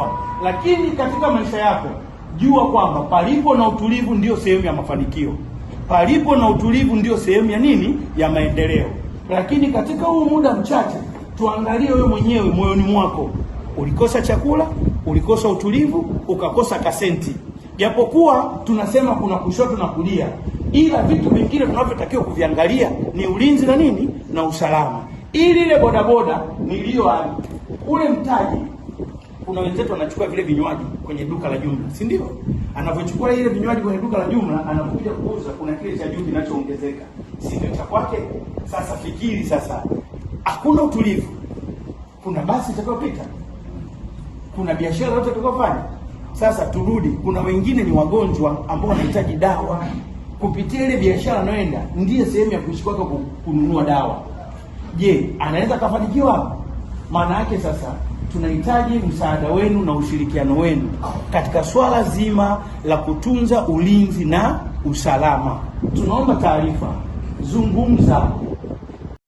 sifa, lakini katika maisha yako jua kwamba palipo na utulivu ndiyo sehemu ya mafanikio, palipo na utulivu ndiyo sehemu ya nini, ya maendeleo. Lakini katika huu muda mchache tuangalie wewe mwenyewe moyoni mwako, ulikosa chakula, ulikosa utulivu, ukakosa kasenti. Japokuwa tunasema kuna kushoto na kulia, ila vitu vingine tunavyotakiwa kuviangalia ni ulinzi na nini na usalama, ili ile bodaboda niliyo ule mtaji kuna wenzetu anachukua vile vinywaji kwenye duka la jumla, si ndio? Anavyochukua ile vinywaji kwenye duka la jumla, anakuja kuuza, kuna kile cha juu kinachoongezeka, si ndio cha kwake? Sasa fikiri sasa, hakuna utulivu. Kuna basi itakayopita, kuna biashara yote itakayofanya. Sasa turudi, kuna wengine ni wagonjwa ambao wanahitaji dawa kupitia ile biashara anayoenda, ndiye sehemu ya kuishi kwake kununua dawa. Je, anaweza akafanikiwa? Maana yake sasa tunahitaji msaada wenu na ushirikiano wenu katika swala zima la kutunza ulinzi na usalama. Tunaomba taarifa, zungumza